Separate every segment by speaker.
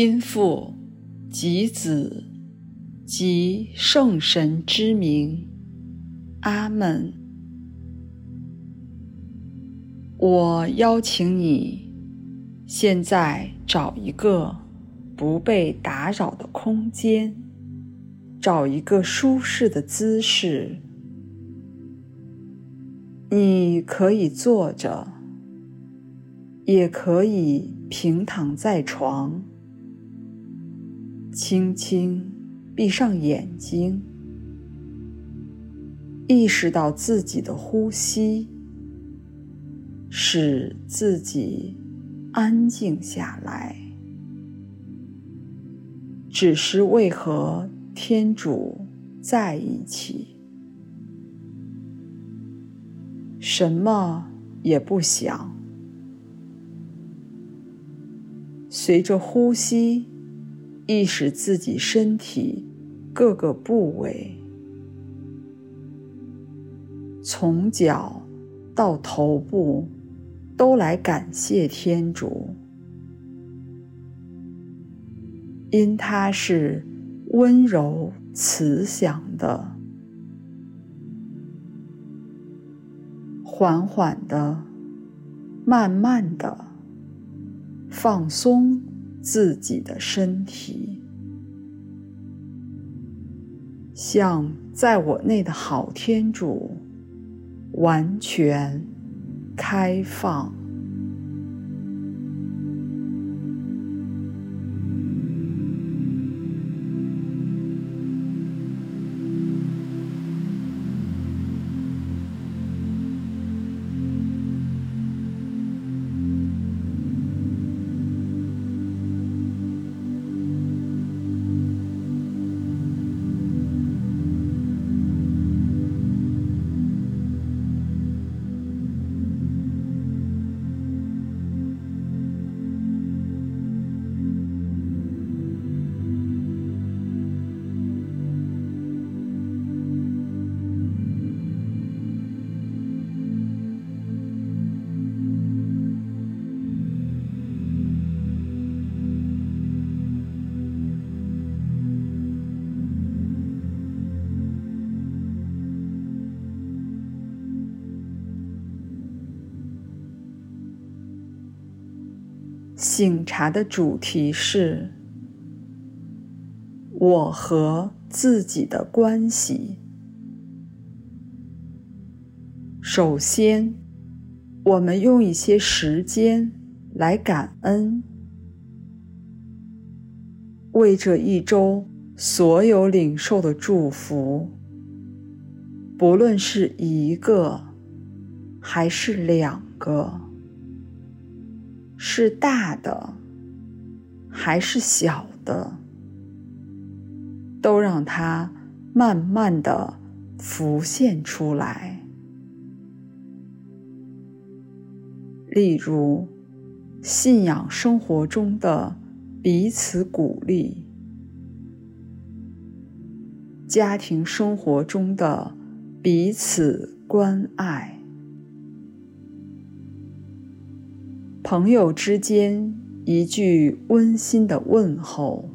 Speaker 1: 因父及子及聖神之名，阿門。我邀請你，現在找一個不被打擾的空間，找一個舒適的姿勢。你可以坐着，也可以平躺在床。輕輕閉上眼睛，意識到自己的呼吸，使自己安靜下來。只是為和天主在一起，什麼也不想。隨着呼吸。意識自己身體各個部位，從腳到頭部，都來感謝天主，因他是溫柔慈祥的，緩緩的、慢慢的放鬆自己的身體，向在我內的好天主完全開放。省察的主題是我和自己的關係。首先，我們用一些時間來感恩，為這一周所有領受的祝福，不論是一個還是兩個。是大的，還是小的，都讓它慢慢的浮現出來。例如，信仰生活中的彼此鼓勵，家庭生活中的彼此關愛。朋友之間一句溫馨的問候，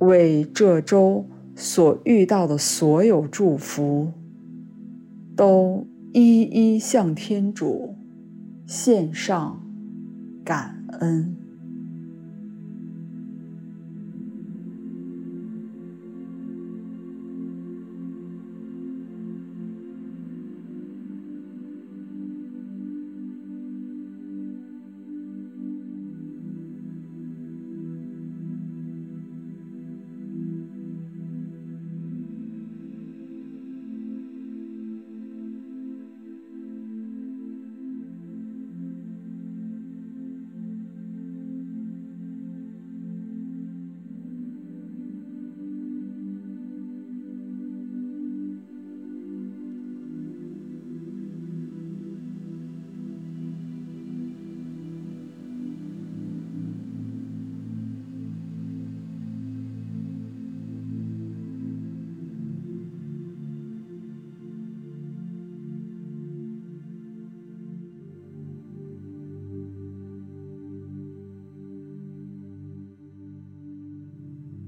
Speaker 1: 為這週所遇到的所有祝福，都一一向天主獻上感恩。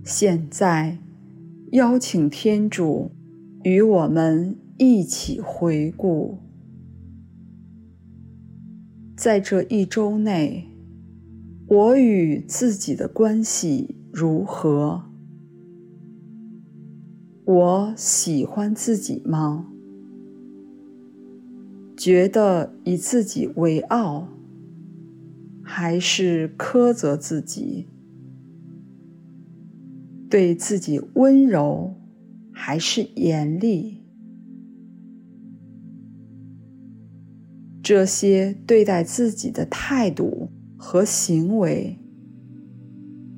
Speaker 1: 現在，邀請天主與我們一起回顧。在這一周內，我與自己的關係如何？我喜歡自己嗎？覺得以自己為傲，還是苛責自己？對自己溫柔還是嚴厲？這些對待自己的態度和行為，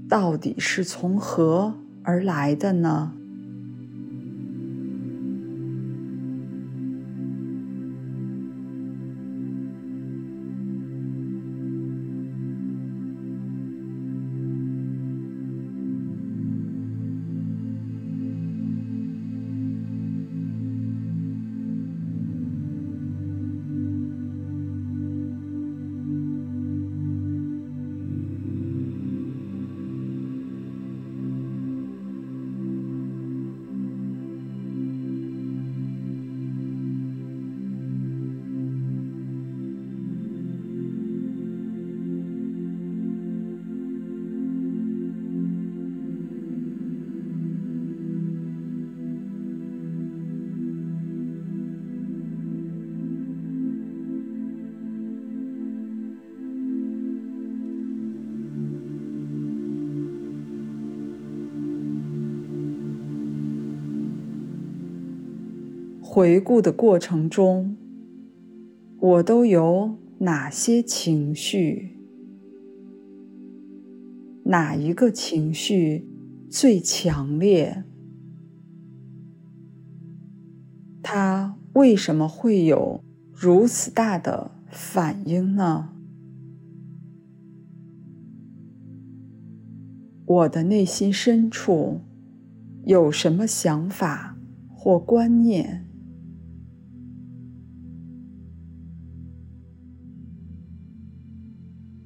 Speaker 1: 到底是從何而來的呢？回顧的過程中，我都有哪些情緒？哪一個情緒最強烈？它為什麼會有如此大的反應呢？我的內心深處有什麼想法或觀念？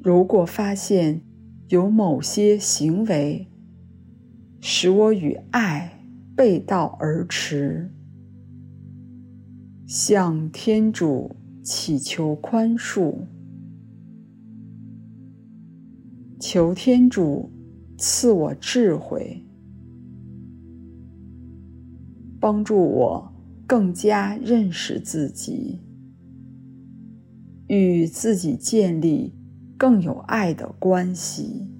Speaker 1: 如果發現有某些行為使我與愛背道而馳，向天主祈求寬恕，求天主賜我智慧，幫助我更加認識自己，與自己建立更有愛的關係。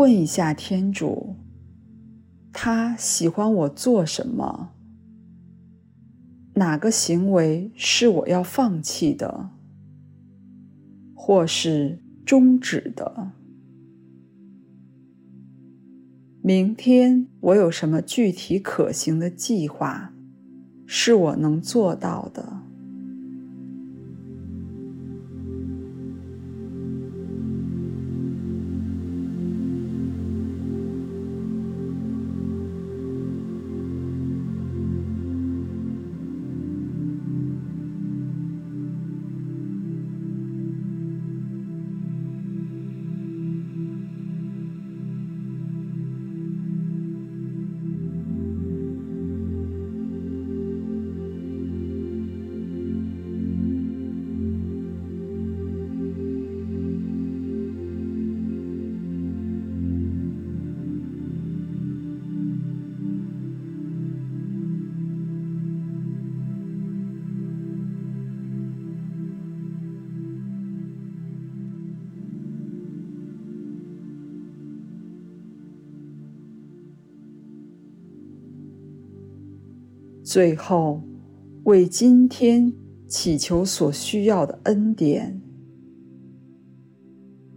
Speaker 1: 問一下天主，他喜歡我做什麼？哪個行為是我要放棄的，或是終止的？明天我有什麼具體可行的計劃，是我能做到的？最後，為今天祈求所需要的恩典，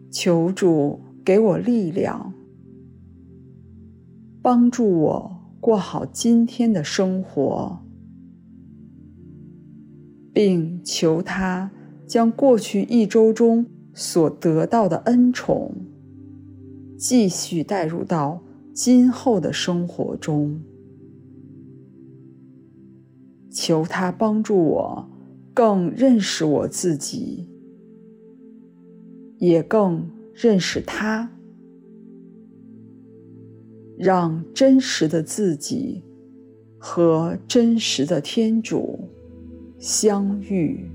Speaker 1: 求主給我力量，幫助我過好今天的生活，並求他將過去一周中所得到的恩寵，繼續帶入到今後的生活中。求他幫助我更認識我自己，也更認識他，讓真實的自己和真實的天主相遇。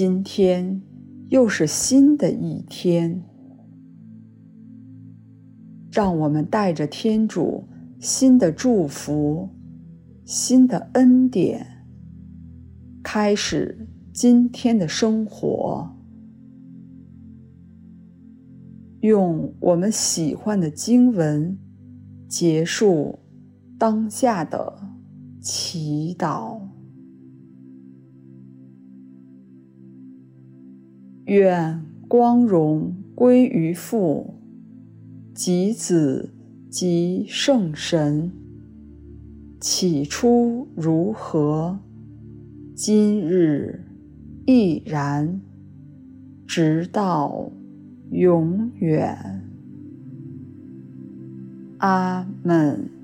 Speaker 1: 今天又是新的一天，讓我們帶着天主新的祝福、新的恩典，開始今天的生活。用我們喜歡的經文結束當下的祈禱。願光榮歸於父、及子、及聖神。起初如何，今日亦然，直到永遠。阿門。